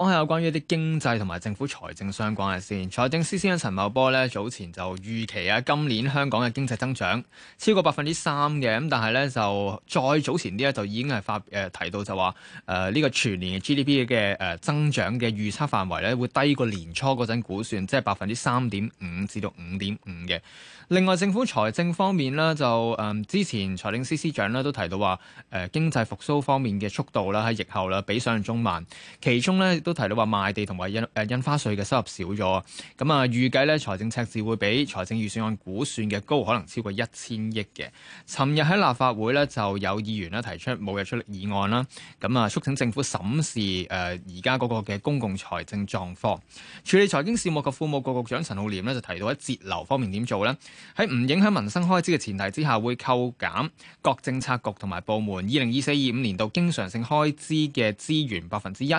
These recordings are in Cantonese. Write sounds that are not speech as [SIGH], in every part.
講下有關於啲經濟同埋政府財政相關嘅先，財政司司長陳茂波咧早前就預期啊，今年香港嘅經濟增長超過百分之三嘅，咁但係咧就再早前啲咧就已經係發誒提到就話誒呢個全年嘅 GDP 嘅誒、呃、增長嘅預測範圍咧會低過年初嗰陣估算，即係百分之三點五至到五點五嘅。另外政府財政方面呢，就誒、呃、之前財政司司長呢都提到話誒、呃、經濟復甦方面嘅速度啦喺疫後啦比想象中慢，其中咧都提到話賣地同埋印誒印花稅嘅收入少咗，咁啊預計呢財政赤字會比財政預算案估算嘅高，可能超過一千億嘅。尋日喺立法會呢，就有議員呢提出冇嘢出議案啦，咁啊促請政府審視誒而家嗰個嘅公共財政狀況。處理財經事務及庫務局副局長陳浩濂呢，就提到喺節流方面點做咧？喺唔影響民生開支嘅前提之下，會扣減各政策局同埋部門二零二四二五年度經常性開支嘅資源百分之一。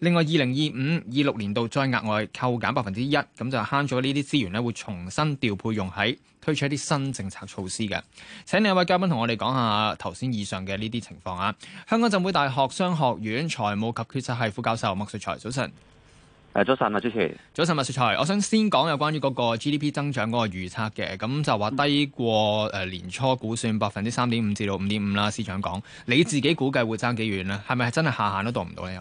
另外，二零二五、二六年度再額外扣減百分之一，咁就慳咗呢啲資源咧，會重新調配用喺推出一啲新政策措施嘅。請兩位嘉賓同我哋講下頭先以上嘅呢啲情況啊！香港浸會大學商學院財務及決策系副教授麥萃才，早晨。誒，早晨啊，主持。早晨，麥萃才，我想先講有關於嗰個 GDP 增長嗰個預測嘅，咁就話低過誒年初估算百分之三點五至到五點五啦。司長講，你自己估計會爭幾遠咧？係咪真係下限都度唔到咧？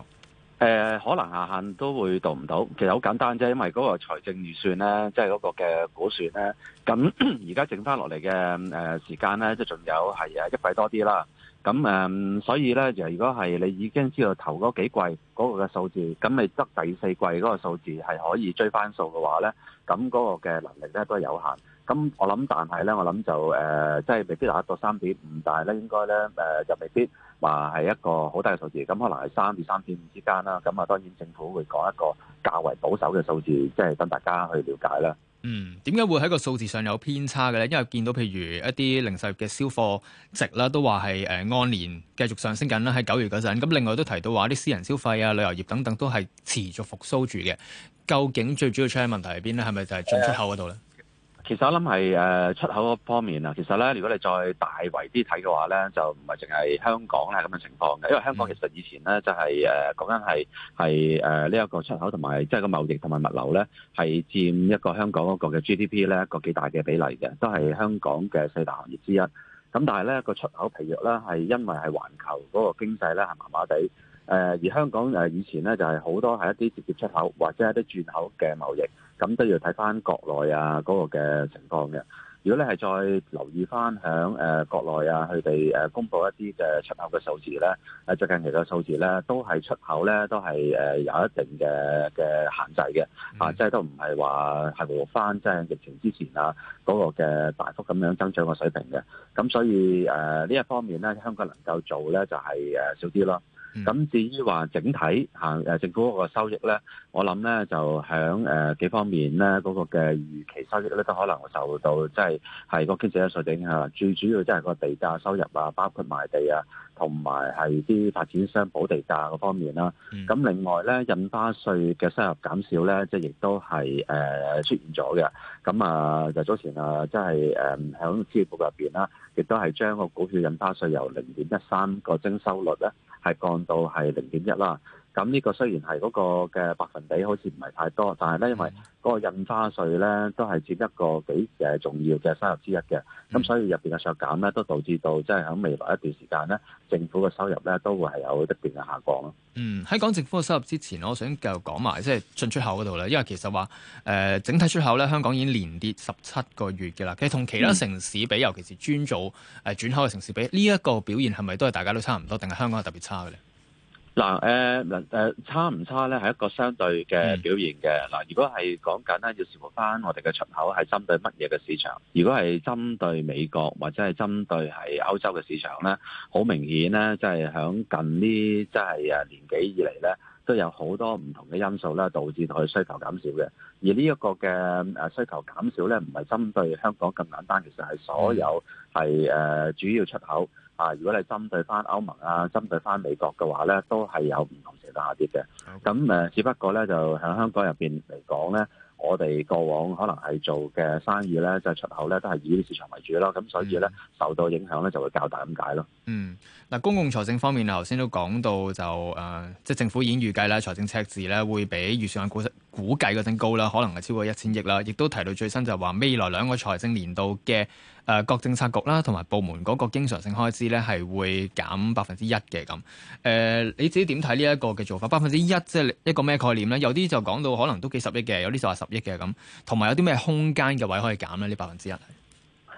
誒、呃、可能下限都會讀唔到，其實好簡單啫，因為嗰個財政預算咧，即係嗰個嘅估算咧。咁而家剩翻落嚟嘅誒時間咧，即仲有係一季多啲啦。咁誒、嗯，所以咧，就如果係你已經知道頭嗰幾季嗰個嘅數字，咁你得第四季嗰個數字係可以追翻數嘅話咧，咁嗰個嘅能力咧都係有限。咁我諗，但係咧，我諗就誒，即、呃、係、就是、未必達到三點五，但係咧應該咧、呃、就未必。話係一個好大嘅數字，咁可能係三至三點五之間啦。咁啊，當然政府會講一個較為保守嘅數字，即係等大家去了解啦。嗯，點解會喺個數字上有偏差嘅咧？因為見到譬如一啲零售業嘅銷貨值啦，都話係誒按年繼續上升緊啦。喺九月嗰陣，咁另外都提到話啲私人消費啊、旅遊業等等都係持續復甦住嘅。究竟最主要出現問題喺邊咧？係咪就係進出口嗰度咧？嗯其實我諗係誒出口嗰方面啊，其實咧，如果你再大圍啲睇嘅話咧，就唔係淨係香港咧係咁嘅情況嘅，因為香港其實以前咧就係誒講緊係係誒呢一個出口同埋即係個貿易同埋物流咧，係佔一個香港嗰個嘅 GDP 咧一個幾大嘅比例嘅，都係香港嘅四大行業之一。咁但係咧個出口疲弱咧，係因為係環球嗰個經濟咧係麻麻地誒，而香港誒以前咧就係好多係一啲直接出口或者一啲轉口嘅貿易。咁都要睇翻國內啊嗰個嘅情況嘅。如果你係再留意翻響誒國內啊，佢哋誒公布一啲嘅出口嘅數字咧，最近其實數字咧都係出口咧都係誒有一定嘅嘅限制嘅、啊 mm-hmm. 啊，啊即係都唔係話係回復翻即係疫情之前啊嗰個嘅大幅咁樣增長嘅水平嘅。咁所以誒、啊、呢一方面咧，香港能夠做咧就係誒少啲囉。咁、嗯、至於話整體嚇誒政府個收益咧，我諗咧就響誒幾方面咧嗰個嘅預期收益咧都可能會受到即係係個經濟嘅衰退嚇，最主要即係個地價收入啊，包括賣地啊，同埋係啲發展商補地價嗰方面啦。咁、嗯、另外咧印花稅嘅收入減少咧，即係亦都係誒出現咗嘅。咁啊，就早前啊，即係誒響資料庫入邊啦，亦都係將個股票印花稅由零點一三個徵收率咧。係降到係零點一啦。咁呢個雖然係嗰個嘅百分比好似唔係太多，但係咧因為個印花稅咧都係佔一個幾誒重要嘅收入之一嘅，咁、嗯、所以入邊嘅削減咧都導致到即係喺未來一段時間咧，政府嘅收入咧都會係有一定嘅下降咯。嗯，喺講政府嘅收入之前，我想繼續講埋即係進出口嗰度咧，因為其實話誒、呃、整體出口咧，香港已經連跌十七個月嘅啦。其實同其他城市比，嗯、尤其是專做誒轉口嘅城市比，呢、這、一個表現係咪都係大家都差唔多，定係香港係特別差嘅咧？嗱，誒，嗱，差唔差咧？係一個相對嘅表現嘅。嗱，如果係講緊咧，要視乎翻我哋嘅出口係針對乜嘢嘅市場。如果係針對美國或者係針對係歐洲嘅市場咧，好明顯咧，即係響近呢即係啊年幾以嚟咧，都有好多唔同嘅因素啦，導致到佢需求減少嘅。而呢一個嘅誒需求減少咧，唔係針對香港咁簡單，其實係所有係誒主要出口。啊！如果你針對翻歐盟啊，針對翻美國嘅話咧，都係有唔同程度下跌嘅。咁、okay. 只不過咧，就喺香港入面嚟講咧，我哋過往可能係做嘅生意咧，就是、出口咧，都係以呢啲市場為主啦。咁所以咧、嗯，受到影響咧，就會較大咁解咯。嗯。嗱，公共財政方面，頭先都講到就、呃、即係政府已經預計呢，財政赤字咧會比預算估計嘅增高啦，可能係超過一千億啦。亦都提到最新就係話，未來兩個財政年度嘅。誒、呃、各政策局啦，同埋部門嗰個經常性開支咧，係會減百分之一嘅咁。誒、呃，你自己點睇呢一個嘅做法？百分之一即係一個咩概念咧？有啲就講到可能都幾十億嘅，有啲就話十億嘅咁。同埋有啲咩空間嘅位可以減咧？呢百分之一。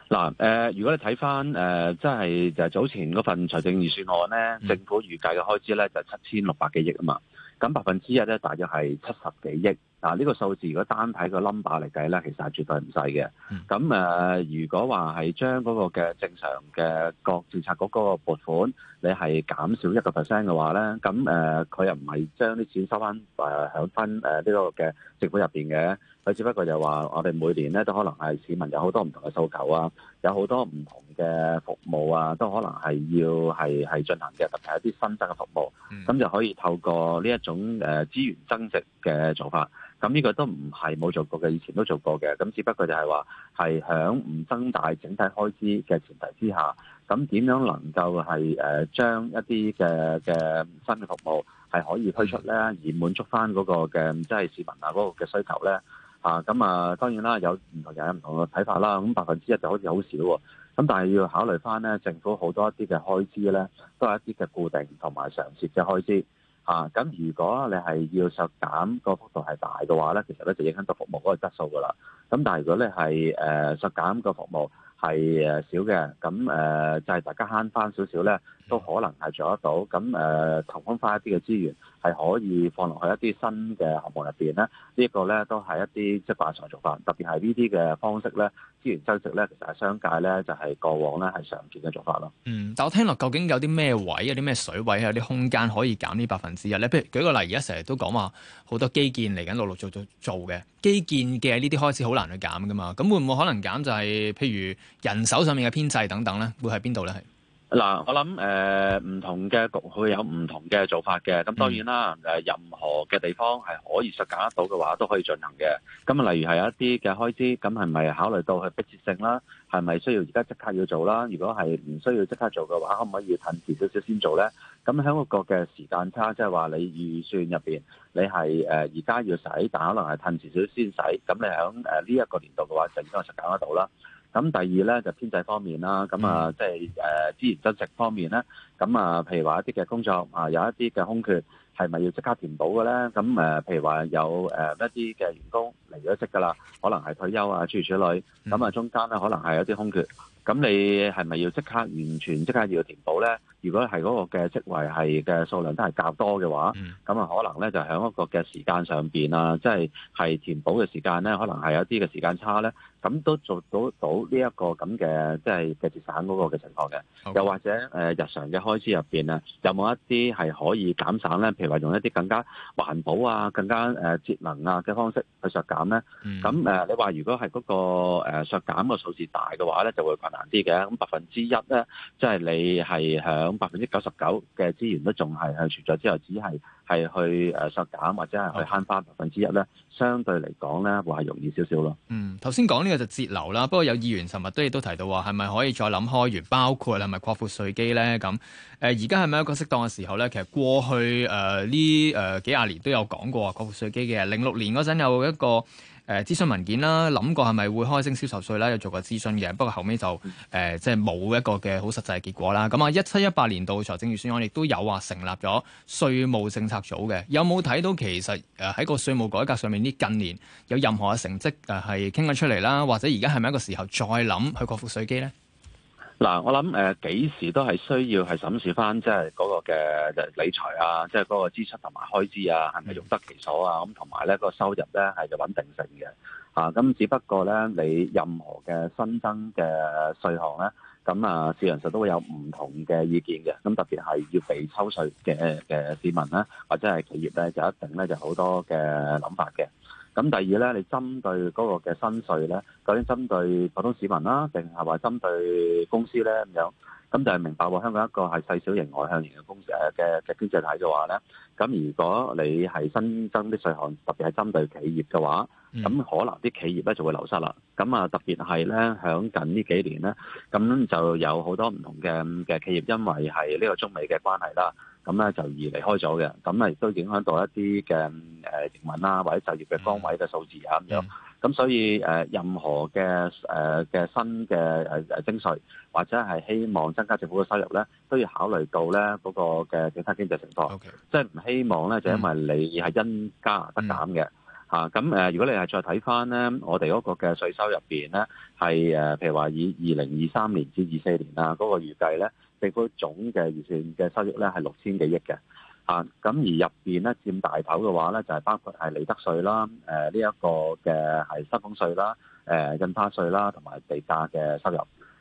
嗱，誒，如果你睇翻誒，即、呃、係就係、早前嗰份財政預算案咧、嗯，政府預計嘅開支咧就七千六百幾億啊嘛。咁百分之一咧，大約係七十幾億。嗱、這個，呢個數字如果單睇個 number 嚟計咧，其實係絕對唔細嘅。咁誒、呃，如果話係將嗰個嘅正常嘅各政策局嗰個撥款，你係減少一個 percent 嘅話咧，咁誒，佢、呃、又唔係將啲錢收翻誒響分誒呢、呃這個嘅政府入面嘅，佢只不過就話我哋每年咧都可能係市民有好多唔同嘅訴求啊，有好多唔同。嘅服務啊，都可能係要係係進行嘅，特別係一啲新增嘅服務，咁就可以透過呢一種誒資源增值嘅做法。咁呢個都唔係冇做過嘅，以前都做過嘅。咁只不過就係話係響唔增大整體開支嘅前提之下，咁點樣能夠係誒將一啲嘅嘅新嘅服務係可以推出咧，而滿足翻嗰個嘅即係市民啊嗰個嘅需求咧？啊，咁啊當然啦，有唔同人有唔同嘅睇法啦。咁百分之一就好似好少喎，啊。咁但係要考慮翻咧，政府好多一啲嘅開支咧，都係一啲嘅固定同埋常設嘅開支吓。咁、啊、如果你係要削減個幅度係大嘅話咧，其實咧就影響到服務嗰個質素噶啦。咁但係如果咧係誒削減個服務。係少嘅，咁誒、呃、就係、是、大家慳翻少少咧，都可能係做得到。咁誒、呃、投放翻一啲嘅資源，係可以放落去一啲新嘅項目入邊咧。這個、呢個個咧都係一啲即係慣常做法，特別係呢啲嘅方式咧，資源增值咧，其實係商界咧就係、是、過往咧係常見嘅做法咯。嗯，但我聽落究竟有啲咩位、有啲咩水位、有啲空間可以減呢百分之一咧？譬如舉個例，而家成日都講話好多基建嚟緊陸陸續續做嘅。做基建嘅呢啲開始好難去減噶嘛，咁會唔會可能減就係譬如人手上面嘅編制等等咧，會係邊度咧？嗱，我諗誒，唔、呃、同嘅局會有唔同嘅做法嘅。咁當然啦，誒、嗯，任何嘅地方係可以實減得到嘅話，都可以進行嘅。咁啊，例如係有一啲嘅開支，咁係咪考慮到佢迫切性啦？係咪需要而家即刻要做啦？如果係唔需要即刻做嘅話，可唔可以褪遲少少先做咧？咁喺個嘅時間差，即係話你預算入面，你係而家要使，但可能係褪遲少少先使。咁你喺呢一個年度嘅話，就應該實減得到啦。咁第二咧就編制方面啦，咁啊即係誒資源增值方面咧，咁啊譬如話一啲嘅工作啊，有一啲嘅空、啊呃啊啊、空缺，係咪要即刻填補嘅咧？咁誒譬如話有誒一啲嘅員工離咗職噶啦，可能係退休啊處處女，咁啊中間咧可能係有啲空缺，咁你係咪要即刻完全即刻要填補咧？如果係嗰個嘅職位係嘅數量都係較多嘅話，咁、嗯、啊可能咧就喺一個嘅時間上面啊，即係係填補嘅時間咧，可能係有啲嘅時間差咧，咁都做到到呢一個咁嘅即係嘅節省嗰個嘅情況嘅。又或者、呃、日常嘅開支入面啊，有冇一啲係可以減省咧？譬如話用一啲更加環保啊、更加誒、呃、節能啊嘅方式去削減咧？咁、嗯呃、你話如果係嗰個削減個數字大嘅話咧，就會困難啲嘅。咁百分之一咧，即、就、係、是、你係響百分之九十九嘅資源都仲係係存在，之後只係係去誒削減或者係去慳翻百分之一咧，相對嚟講咧，會係容易少少咯。嗯，頭先講呢個就是節流啦。不過有議員尋日都亦都提到話，係咪可以再諗開完？如包括係咪擴闊稅基咧？咁誒，而家係咪一個適當嘅時候咧？其實過去誒呢誒幾廿年都有講過擴闊稅基嘅。零六年嗰陣有一個。誒諮詢文件啦，諗過係咪會開徵銷售稅啦，有做過諮詢嘅，不過後尾就誒、呃、即係冇一個嘅好實際結果啦。咁啊，一七一八年度財政預算案亦都有話成立咗稅務政策組嘅，有冇睇到其實誒喺個稅務改革上面呢近年有任何嘅成績誒係傾緊出嚟啦？或者而家係咪一個時候再諗去擴闊稅基呢？嗱、啊，我諗誒，幾、呃、時都係需要係審視翻，即係嗰個嘅理財啊，即係嗰個支出同埋開支啊，係咪用得其所啊？咁同埋咧，呢個收入咧係有穩定性嘅，咁、啊、只不過咧，你任何嘅新增嘅稅項咧，咁啊，事實上都會有唔同嘅意見嘅，咁、啊、特別係要被抽稅嘅嘅市民咧，或者係企業咧，就一定咧就好多嘅諗法嘅。咁第二咧，你針對嗰個嘅薪稅咧，究竟針對普通市民啦、啊，定係話針對公司咧咁樣？咁就係明白喎，香港一個係細小型外向型嘅公司嘅嘅經濟體嘅話咧，咁如果你係新增啲稅項，特別係針對企業嘅話，咁可能啲企業咧就會流失啦。咁啊，特別係咧，響近呢幾年咧，咁就有好多唔同嘅嘅企業，因為係呢個中美嘅關係啦。咁咧就而離開咗嘅，咁咧亦都影響到一啲嘅誒移民啦，或者就業嘅崗位嘅數字啊咁樣。咁所以誒，任何嘅誒嘅新嘅誒徵稅，或者係希望增加政府嘅收入咧，都要考慮到咧嗰個嘅其他經濟情況，即係唔希望咧就因為你係因加得減嘅。嚇咁誒，如果你係再睇翻咧，我哋嗰個嘅稅收入入邊咧，係誒，譬如話以二零二三年至二四年啊嗰個預計咧，政府總嘅預算嘅收入咧係六千幾億嘅。嚇咁而入邊咧，佔大頭嘅話咧，就係包括係利得稅啦、誒呢一個嘅係薪俸稅啦、誒印花稅啦同埋地價嘅收入。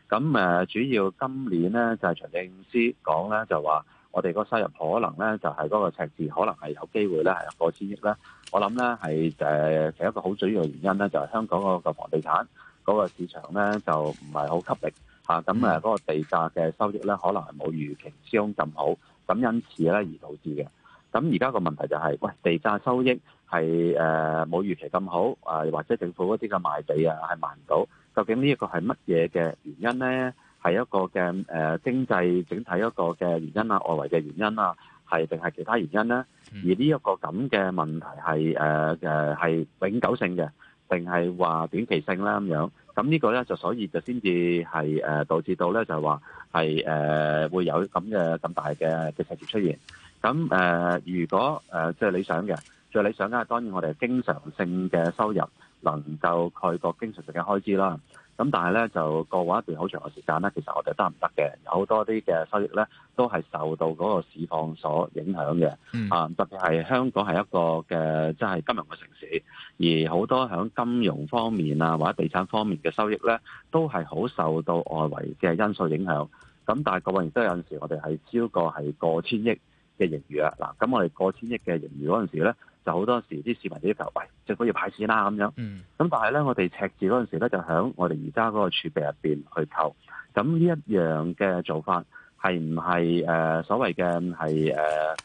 咁誒主要今年咧就係財政司講咧就話。我哋個收入可能咧，就係嗰個赤字，可能係有機會咧，係過千億咧。我諗咧，係誒，係一個好主要嘅原因咧，就係香港嗰個房地產嗰個市場咧，就唔係好吸引嚇。咁誒，嗰個地價嘅收益咧，可能係冇預期相咁好。咁因此咧，而導致嘅。咁而家個問題就係，喂，地價收益係誒冇預期咁好，誒或者政府嗰啲嘅賣地啊，係賣唔到。究竟呢一個係乜嘢嘅原因咧？係一個嘅誒經濟整體一個嘅原因啊，外圍嘅原因啊，係定係其他原因咧？而呢一個咁嘅問題係誒誒係永久性嘅，定係話短期性啦咁樣？咁呢個咧就所以就先至係誒導致到咧就係話係誒會有咁嘅咁大嘅嘅事件出現。咁誒如果誒即係理想嘅，最理想嘅當然我哋係經常性嘅收入能夠蓋過經常性嘅開支啦。咁、嗯、但係咧，就過往一段好長嘅時間咧，其實我哋得唔得嘅，有好多啲嘅收益咧，都係受到嗰個市況所影響嘅、嗯。啊，特別係香港係一個嘅即係金融嘅城市，而好多喺金融方面啊，或者地產方面嘅收益咧，都係好受到外圍嘅因素影響。咁但係各位，亦都有陣時，我哋係超過係過千億嘅盈餘啦。嗱，咁我哋過千億嘅盈餘嗰陣時咧。就好多時啲市民啲要求，喂、哎，政府要派錢啦咁樣。咁、嗯、但係咧，我哋赤字嗰陣時咧，就喺我哋而家嗰個儲備入邊去扣。咁呢一樣嘅做法係唔係誒所謂嘅係誒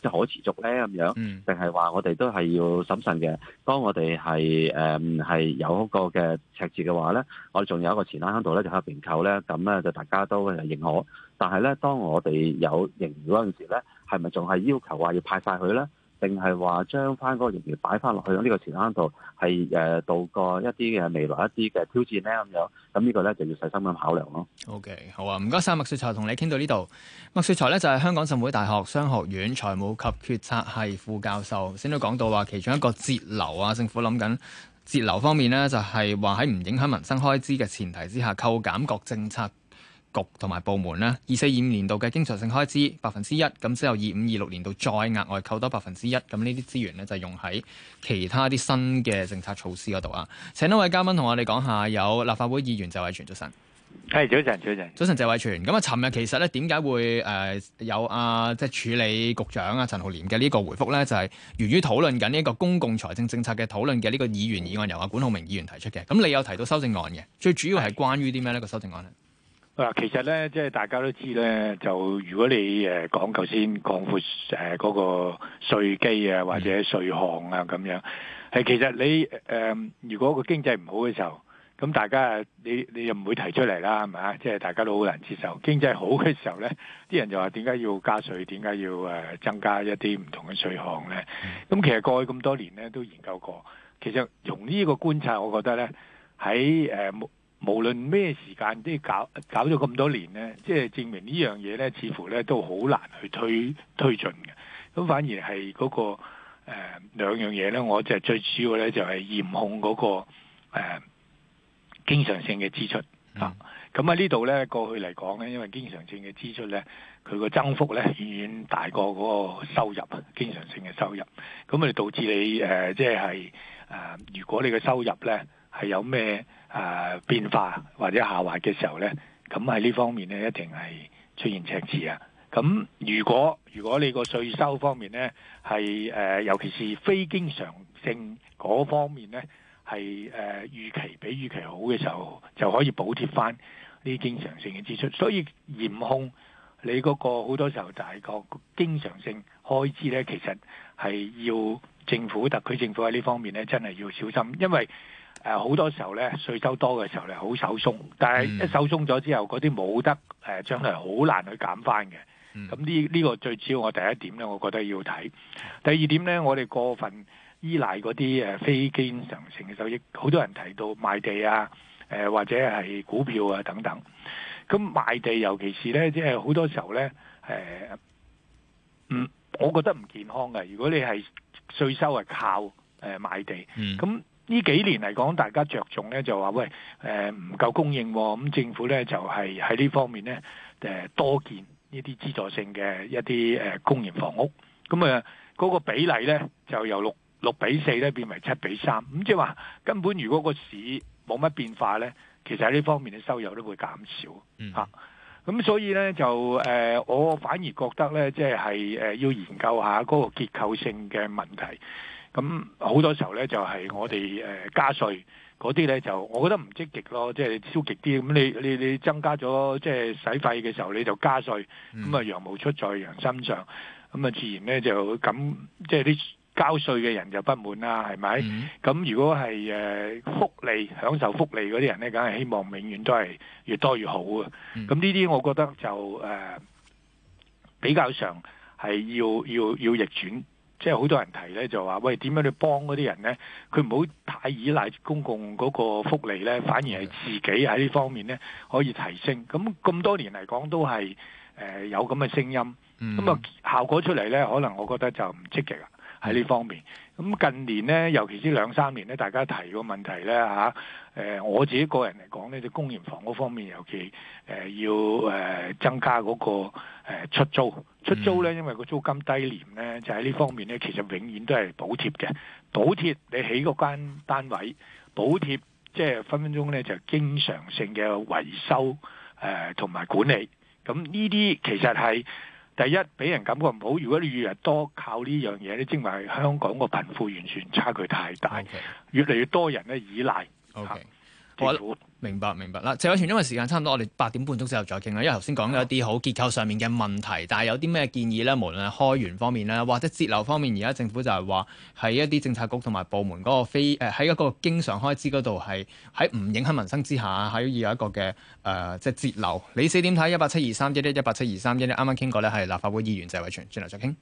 即係可持續咧？咁樣，定係話我哋都係要審慎嘅。當我哋係誒係有一個嘅赤字嘅話咧，我哋仲有一個錢袋喺度咧，就喺入邊扣咧。咁咧就大家都認可。但係咧，當我哋有盈餘嗰陣時咧，係咪仲係要求話要派晒佢咧？定係話將翻嗰個盈餘擺翻落去喺呢個錢箱度，係誒度過一啲嘅未來一啲嘅挑戰呢？咁樣，咁呢個呢，就要細心咁考量咯。OK，好啊，唔該晒。麥萃才同你傾到呢度。麥萃才呢，就係香港浸會大學商學院財務及決策系副教授。先都講到話其中一個節流啊，政府諗緊節流方面呢，就係話喺唔影響民生開支嘅前提之下，扣減各政策。局同埋部門咧，二四二五年度嘅經常性開支百分之一，咁之後二五二六年度再額外扣多百分之一。咁呢啲資源呢，就用喺其他啲新嘅政策措施嗰度啊。請多位嘉賓同我哋講下，有立法會議員謝偉銓，早晨。係早晨，早晨，早晨，謝偉銓。咁啊，尋日其實呢，點解會誒、呃、有啊？即係處理局長啊陳浩濂嘅呢個回覆呢，就係源於討論緊呢一個公共財政政策嘅討論嘅呢個議員議案，由阿管浩鳴議員提出嘅。咁你有提到修正案嘅，最主要係關於啲咩呢個修正案呢？嗱，其實咧，即係大家都知咧，就如果你誒講頭先講闊誒嗰個稅基啊，或者稅項啊咁樣，係其實你誒，如果個經濟唔好嘅時候，咁大家你你又唔會提出嚟啦，係咪？即係大家都好難接受。經濟好嘅時候咧，啲人就話點解要加稅？點解要誒增加一啲唔同嘅稅項咧？咁其實過去咁多年咧都研究過，其實從呢個觀察，我覺得咧喺誒。在呃無論咩時間都搞搞咗咁多年咧，即係證明呢樣嘢咧，似乎咧都好難去推推進嘅。咁反而係嗰個誒兩樣嘢咧，我就最主要咧就係嚴控嗰個誒經常性嘅支出啊嗯。咁啊呢度咧過去嚟講咧，因為經常性嘅支出咧，佢個增幅咧遠遠大過嗰個收入，經常性嘅收入。咁啊導致你誒即係誒，如果你嘅收入咧係有咩？誒、呃、變化或者下滑嘅時候呢，咁喺呢方面呢，一定係出現赤字啊！咁如果如果你個稅收方面呢，係誒、呃，尤其是非經常性嗰方面呢，係誒、呃、預期比預期好嘅時候，就可以補貼翻呢經常性嘅支出。所以嚴控你嗰個好多時候大個經常性開支呢，其實係要政府特區政府喺呢方面呢，真係要小心，因為。好多時候咧，稅收多嘅時候咧，好手鬆。但係一手鬆咗之後，嗰啲冇得誒，將來好難去減翻嘅。咁呢呢個最主要我第一點咧，我覺得要睇。第二點咧，我哋過分依賴嗰啲非經常性嘅收益，好多人提到賣地啊，或者係股票啊等等。咁賣地尤其是咧，即係好多時候咧、呃嗯，我覺得唔健康嘅。如果你係稅收係靠誒賣地，咁、嗯。呢幾年嚟講，大家着重咧就話喂，誒唔夠供應、哦，咁、嗯、政府咧就係喺呢方面咧、呃、多建呢啲資助性嘅一啲、呃、公營房屋，咁啊嗰個比例咧就由六六比四咧變為七比三、嗯，咁即係話根本如果個市冇乜變化咧，其實喺呢方面嘅收入都會減少咁、嗯啊嗯、所以咧就誒、呃、我反而覺得咧即係係要研究下嗰個結構性嘅問題。咁好多時候咧，就係我哋誒加稅嗰啲咧，就我覺得唔積極咯，即係超極啲。咁你你你增加咗即係使費嘅時候，你就加稅。咁啊，羊毛出在羊身上，咁啊，自然咧就咁，即係啲交稅嘅人就不滿啦，係咪？咁、mm-hmm. 如果係誒福利享受福利嗰啲人咧，梗係希望永遠都係越多越好啊！咁呢啲我覺得就誒比較上係要要要逆轉。即係好多人提咧，就話喂點樣去幫嗰啲人咧？佢唔好太依賴公共嗰個福利咧，反而係自己喺呢方面咧可以提升。咁咁多年嚟講都係誒、呃、有咁嘅聲音，咁、那、啊、個、效果出嚟咧，可能我覺得就唔積極啊。喺呢方面，咁近年呢，尤其呢兩三年呢，大家提個問題呢、啊呃。我自己個人嚟講呢啲公營房屋方面，尤其、呃、要、呃、增加嗰、嗰個、呃、出租，出租呢，因為個租金低廉呢，就喺呢方面呢，其實永遠都係補貼嘅，補貼你起嗰間單位，補貼即係分分鐘呢，就是、經常性嘅維修同埋、呃、管理，咁呢啲其實係。第一畀人感覺唔好，如果你越嚟多靠呢樣嘢，你證明係香港個貧富完全差距太大，Okay. 越嚟越多人咧依賴。Okay. 好，明白明白啦。謝偉銓，因為時間差唔多，我哋八點半鐘之後再傾啦。因為頭先講咗一啲好結構上面嘅問題，但係有啲咩建議咧？無論係開源方面咧，或者節流方面，而家政府就係話喺一啲政策局同埋部門嗰個非誒喺、呃、一個經常開支嗰度係喺唔影響民生之下，喺要有一個嘅誒即係節流。你四點睇一八七二三一一一八七二三一一，啱啱傾過咧，係立法會議員謝偉銓，轉頭再傾。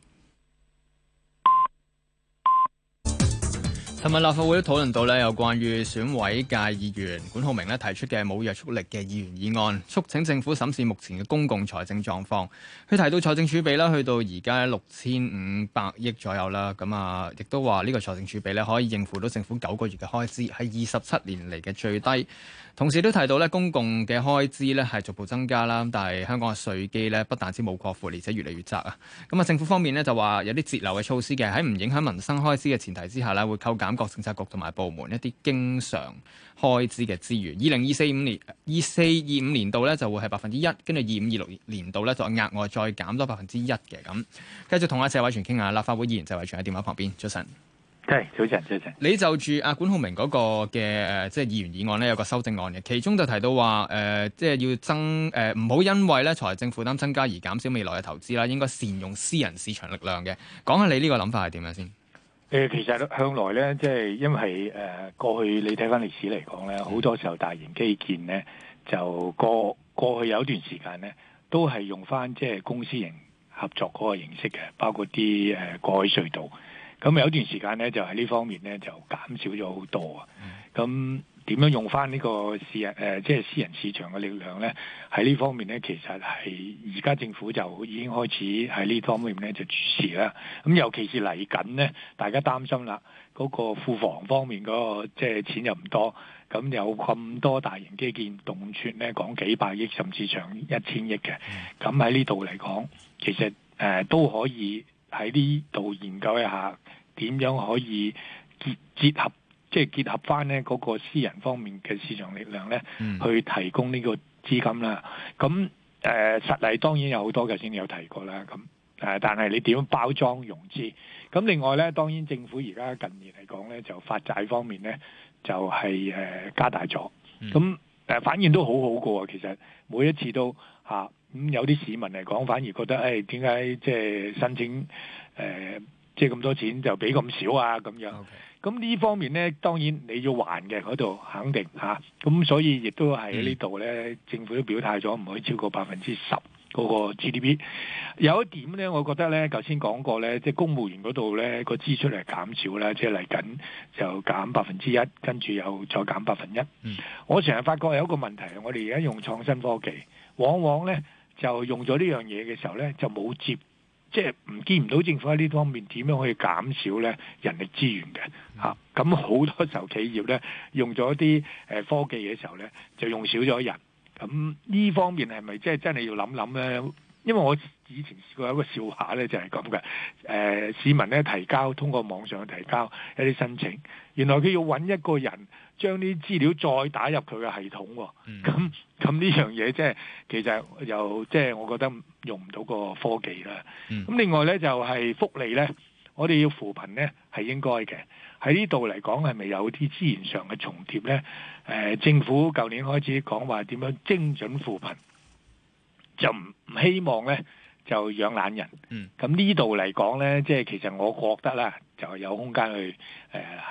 琴日立法會都討論到呢，有關於選委界議員管浩明提出嘅冇約束力嘅議員議案，促請政府審視目前嘅公共財政狀況。佢提到財政儲備呢，去到而家六千五百億左右啦，咁啊，亦都話呢個財政儲備呢，可以應付到政府九個月嘅開支，係二十七年嚟嘅最低。同時都提到呢，公共嘅開支呢係逐步增加啦，但係香港嘅稅基呢，不但止冇擴闊，而且越嚟越窄啊。咁啊，政府方面呢，就話有啲節流嘅措施嘅，喺唔影響民生開支嘅前提之下呢，會扣減。各政策局同埋部門一啲經常開支嘅資源，二零二四五年、二四二五年度咧就會係百分之一，跟住二五二六年度咧就額外再減多百分之一嘅咁。繼續同阿謝偉銓傾下，立法會議員謝偉銓喺電話旁邊，早晨，係早晨，早晨。你就住阿管浩明嗰個嘅即係議員議案咧有個修正案嘅，其中就提到話誒，即係，呃，就是要增誒，呃，唔好因為咧財政負擔增加而減少未來嘅投資啦，應該善用私人市場力量嘅。講下你呢個諗法係點樣先？誒、呃，其實向來咧，即係因為誒、呃、過去你睇翻歷史嚟講咧，好多時候大型基建咧，就過過去有一段時間咧，都係用翻即係公司型合作嗰個形式嘅，包括啲誒、呃、過海隧道。咁有一段時間咧，就喺呢方面咧就減少咗好多啊。咁點樣用返呢個私人、呃、即係私人市場嘅力量咧？喺呢方面咧，其實係而家政府就已經開始喺呢方面咧就注視啦。咁、嗯、尤其是嚟緊咧，大家擔心啦，嗰、那個庫房方面嗰、那個即係錢又唔多，咁有咁多大型基建動鑽咧，講幾百億甚至長一千億嘅，咁喺呢度嚟講，其實誒、呃、都可以喺呢度研究一下點樣可以結結合。即係結合翻咧嗰個私人方面嘅市場力量咧，去提供呢個資金啦。咁、呃、實例當然有好多嘅，先你有提過啦。咁但係你點樣包裝融資？咁另外咧，當然政府而家近年嚟講咧，就發債方面咧，就係、誒、加大咗。咁反應都好好過喎。其實每一次都吓，咁、啊、有啲市民嚟講，反而覺得誒點解即係申請、呃、即係咁多錢就俾咁少啊？咁樣。Okay. 咁呢方面咧，當然你要還嘅嗰度肯定嚇，咁所以亦都係呢度咧，政府都表態咗唔可以超過百分之十嗰個 GDP。有一點咧，我覺得咧，頭先講過咧，即係公務員嗰度咧，個支出係減少咧，即係嚟緊就減百分之一，跟住又再減百分一。嗯。我成日發覺有一個問題，我哋而家用創新科技，往往咧就用咗呢樣嘢嘅時候咧，就冇接。即係唔見唔到政府喺呢方面點樣可以減少咧人力資源嘅吓，咁好多時候企業咧用咗一啲科技嘅時候咧就用少咗人，咁呢方面係咪即係真係要諗諗咧？因為我以前試過一個笑話咧就係咁嘅，市民咧提交通過網上提交一啲申請，原來佢要搵一個人將啲資料再打入佢嘅系統，哦，咁咁呢樣嘢即係其實又即係我覺得。用唔到個科技啦，咁、嗯、另外咧就係福利咧，我哋要扶貧咧係應該嘅，喺呢度嚟講係咪有啲資源上嘅重疊咧、呃？政府舊年開始講話點樣精準扶貧，就唔唔希望咧就養懶人。嗯，咁呢度嚟講咧，即係其實我覺得咧，就有空間去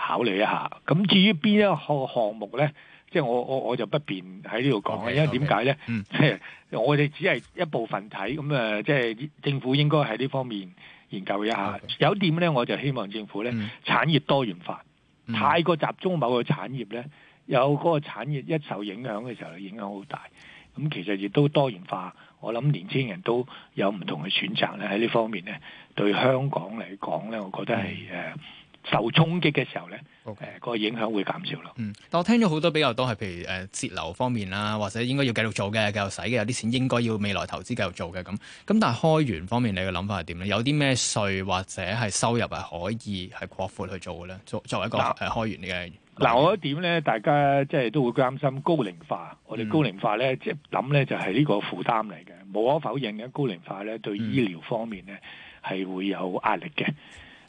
考慮一下。咁至於邊一個項目咧？即係我我我就不便喺呢度講啊，okay, 因為點解咧？即、okay. 係、mm-hmm. [LAUGHS] 我哋只係一部分睇，咁誒，即係政府應該喺呢方面研究一下。Okay. 有點咧，我就希望政府咧、mm-hmm. 產業多元化，太過集中某個產業咧，有嗰個產業一受影響嘅時候，影響好大。咁其實亦都多元化，我諗年輕人都有唔同嘅選擇咧，喺呢方面咧，對香港嚟講咧，我覺得係誒。Mm-hmm. 受衝擊嘅時候咧，誒、okay. 呃那個影響會減少咯。嗯，但我聽咗好多比較多係譬如誒、呃、節流方面啦，或者應該要繼續做嘅、繼續使嘅，有啲錢應該要未來投資繼續做嘅咁。咁但係開源方面，你嘅諗法係點咧？有啲咩稅或者係收入係可以係擴闊去做嘅咧？作作為一個誒、呃呃呃、開源嘅嗱，呃、我一點咧，大家即係都會關心高齡化。我哋高齡化咧，即係諗咧就係、是、呢個負擔嚟嘅。無可否認嘅高齡化咧，對醫療方面咧係、嗯、會有壓力嘅，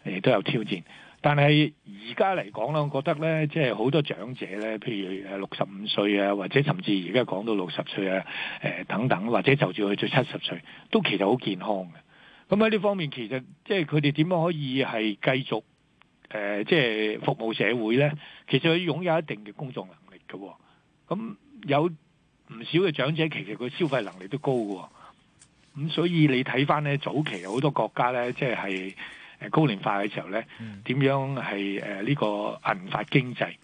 亦、呃、都有挑戰。但係而家嚟講咧，我覺得咧，即係好多長者咧，譬如誒六十五歲啊，或者甚至而家講到六十歲啊，誒、呃、等等，或者就住去到七十歲，都其實好健康嘅。咁喺呢方面，其實即係佢哋點樣可以係繼續誒即係服務社會咧？其實佢擁有一定嘅工作能力嘅、哦。咁有唔少嘅長者，其實佢消費能力都高嘅、哦。咁所以你睇翻咧，早期有好多國家咧，即係。高齡化嘅時候咧，點樣係誒呢個銀髮經濟？呢、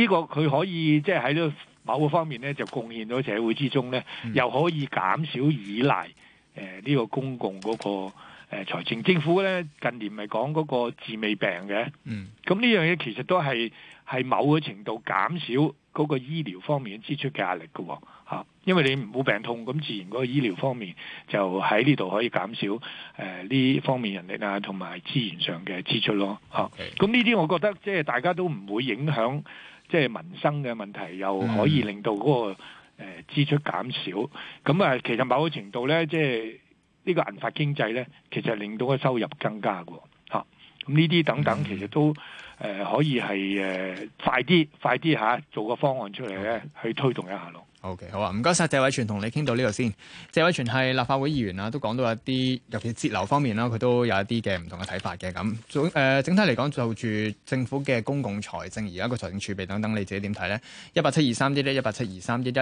呢個佢可以即係喺呢某個方面咧，就貢獻到社會之中咧，又可以減少依賴誒呢個公共嗰個誒財政，政府咧近年咪講嗰個治未病嘅，咁、嗯、呢樣嘢其實都係係某個程度減少嗰個醫療方面嘅支出嘅壓力噶、哦。啊，因為你冇病痛，咁自然嗰個醫療方面就喺呢度可以減少誒呢、呃、方面人力啊，同埋資源上嘅支出咯。吓、okay. 啊，咁呢啲我覺得即係大家都唔會影響，即係民生嘅問題又可以令到嗰、嗰個誒、呃、支出減少。咁啊，其實某個程度咧，即係呢個銀髮經濟咧，其實係令到個收入增加嘅。吓、啊，咁呢啲等等，其實都誒、呃、可以係誒、呃、快啲快啲吓、啊，做個方案出嚟咧，okay. 去推動一下咯。O.K. 好啊，唔該晒。謝偉銓同你傾到呢度先。謝偉銓係立法會議員啊，都講到一啲，尤其節流方面啦，佢都有一啲嘅唔同嘅睇法嘅。咁總誒整體嚟講，就住政府嘅公共財政而家個財政儲備等等，你自己點睇呢？一八七二三一一，一八七二三一一。